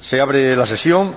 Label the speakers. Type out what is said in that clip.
Speaker 1: se abre la sesión.